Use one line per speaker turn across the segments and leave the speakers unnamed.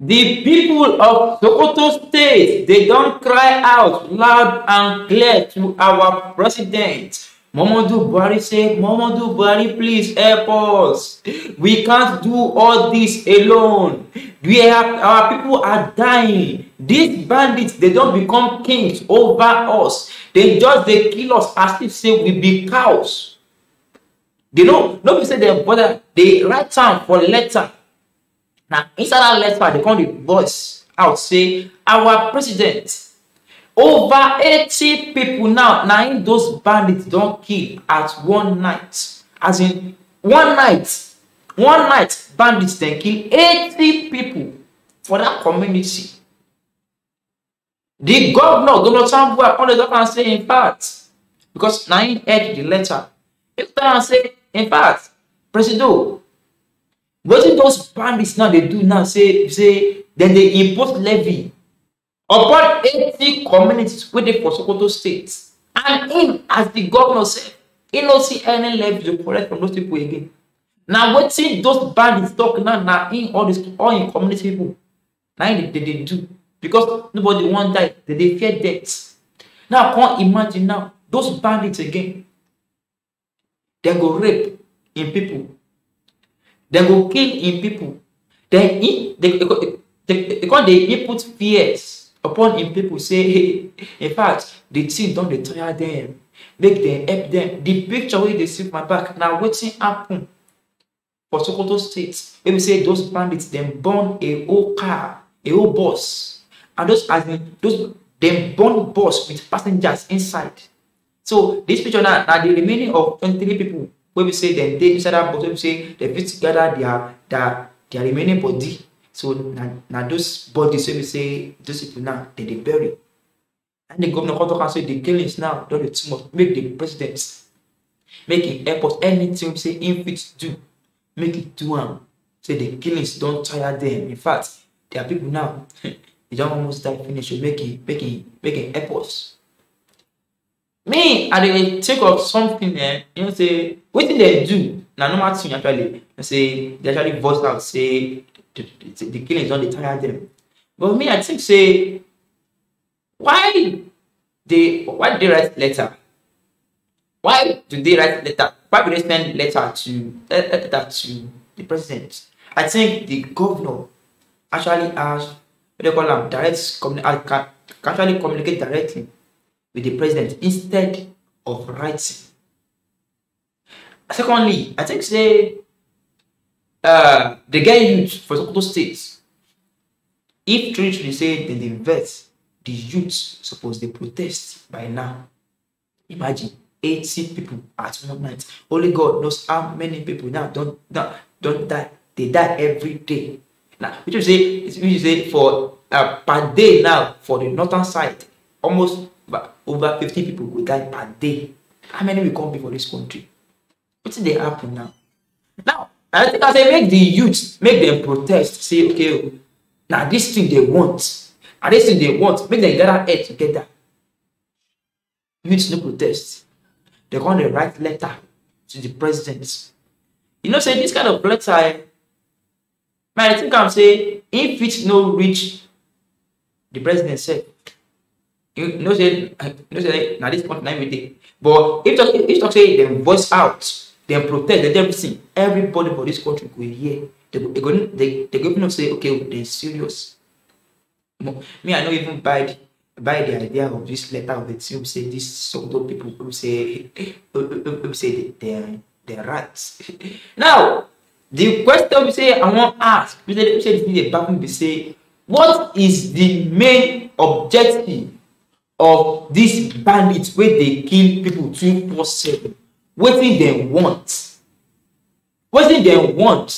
The people of Sokoto State, they don't cry out loud and clear to our president. Momodu Buhari said, Momodu Buhari, please help us. We can't do all this alone. We have, our people are dying. These bandits, they don't become kings over us. They just they kill us as if say we be cows. They don't, nobody say they bother. They write time for letter. Now, inside that letter they come the voice out say our president over eighty people. now now, those bandits don't kill at one night as in one night one night bandits then kill eighty people for that community di govnor govnor tambuwa come dey talk am say in fact because now im head the letter im tell in fact President wetin those bandits now dey do now say say dem dey impose levy upon eighty communities wey dey for sokoto state and him as the governor sef he no see any levy to collect from those people again na wetin those bandits talk now na him all this all him community people na him dey dey do because nobody wan die dem dey fear death now come imagine now those bandits again dem go rape im people They go kill in people. Then if they, they, they, they put fears upon in people, say, hey, in fact, the thing don't dey them, make them help them. The picture wey dey see my back na wetin happen for Sokoto State. Wey be say those bandits dem burn a whole car, a whole bus, and those as in those dem burn bus with passengers inside. So this picture now now the remaining of twenty people wey be say dem dey inside that box wey be say dem fit gather their their their remaining body so na na those bodies wey be say those people now dem dey bury and di governor come tok am say di killings now don dey too much make di president make e help us anything wey be say im fit do make e do am say di killings don tire dem in fact their people now e don almost die finish so make e make e make e help us. Me, I dey think of something eh, you know say wetin they do na normal thing actually. You say dey actually voice out say the, the, the killings don dey tire them. But me, I think say why they why they write letter? Why do they write letter? Why do they send letter to eh, eh, letter to the president? I think the governor actually has what they call am direct uh, can actually communicate directly with the president instead of writing. Secondly, I think say uh, the gay youth for Sokoto states. if truly say they invest, the youths, suppose they protest by now. Imagine 80 people at one night. Only God knows how many people now don't now don't die. They die every day. Now, which you say, which you say for uh, per day now for the northern side, almost But over 50 people will die per day. How many will come before this country? What did they happen now? Now, I think as they make the youth, make them protest, say, okay, now this thing they want, and this thing they want, make them gather head together. Youth no protest. They're going to write letter to the president. You know, say this kind of letter, eh, man, I think I'm saying, if it no reach the president said, You know, say, you say, this point, nine meeting. But if talk, if talk say them voice out, them protest, they everything, everybody for this country go hear. They go, they go, they, they go know say, okay, they're serious. Me, I know even buy buy the idea of this letter of the team say these Sokoto people who say who say they rats. now, the question we say I want ask, we say, be say, what is the main objective of these bandits where they kill people two four seven wetin they want wetin they want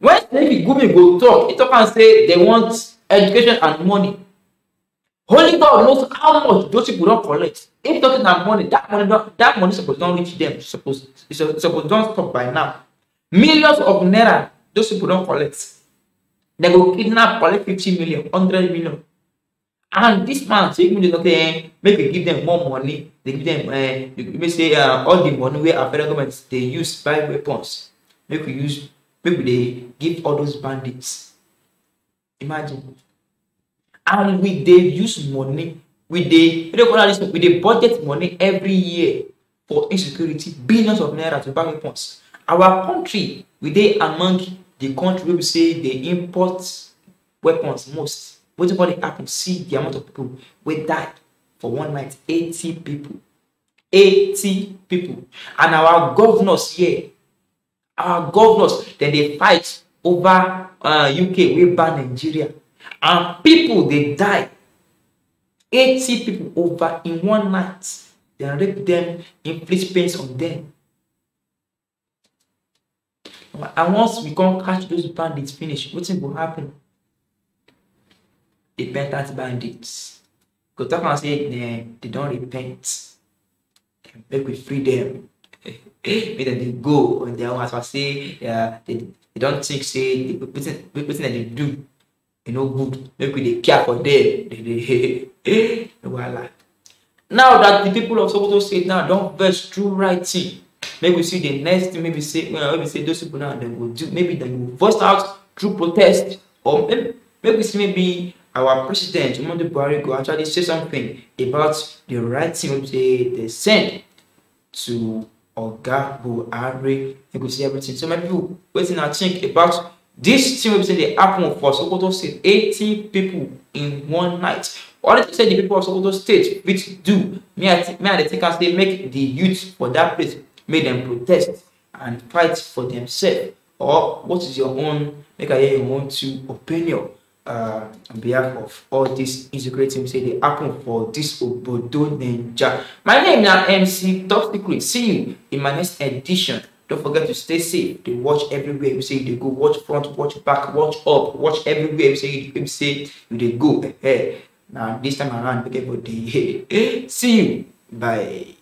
when snake gumi go talk he talk and say they want education and money only god knows how much those people don't collect if talking about money that money don't that money suppose not reach them suppose supposed don't stop by now millions of naira those people don't collect They go kidnap collect fifty million hundred million and this man say even dey talk make we give them more money They give them. uh, eh, may say uh, all the money wey our federal government dey use buy weapons make we use make we dey give all those bandits imagine and we dey use money we dey we dey call am this we dey budget money every year for insecurity billions of naira to buy weapons our country we dey among the country wey be say dey import weapons most What about the happen? See the amount of people we died for one night. Eighty people. eighty people. And our governors here, our governors, then they fight over uh, UK, we ban Nigeria. And people, they die. Eighty people over in one night. They rape them, inflict pains on them. And once we come catch those bandits finish, what's going happen? repentant bandits talk and say dem don repent make we free dem make dem dey go on their own as far as say dem they don think say the the wetin they dem dey do e no good make we dey care for dem dey dey wahala now that the people of sokoto state now don vex through writing make we see the next thing wey be say wey maybe say those pipo now dem go do maybe dem go voice out through protest or make we see maybe. our president Muhammadu Buhari go actually say something about the writing they, they sent to Oga Buhari. He go see everything. So my people, waiting I think about this thing everything they happen for Sokoto State. 80 people in one night. What did say the people of Sokoto State which do? Me I me and the thinkers they make the youth for that place make them protest and fight for themselves. Or what is your own make I hear your own two opinion? uh, on behalf of all this integrate team say they happen for this Obodo Ninja. My name now MC Top Secret. See you in my next edition. Don't forget to stay safe. They watch everywhere We say they go. Watch front, watch back, watch up, watch everywhere We say you say they go. Hey, now this time around, everybody. See you. Bye.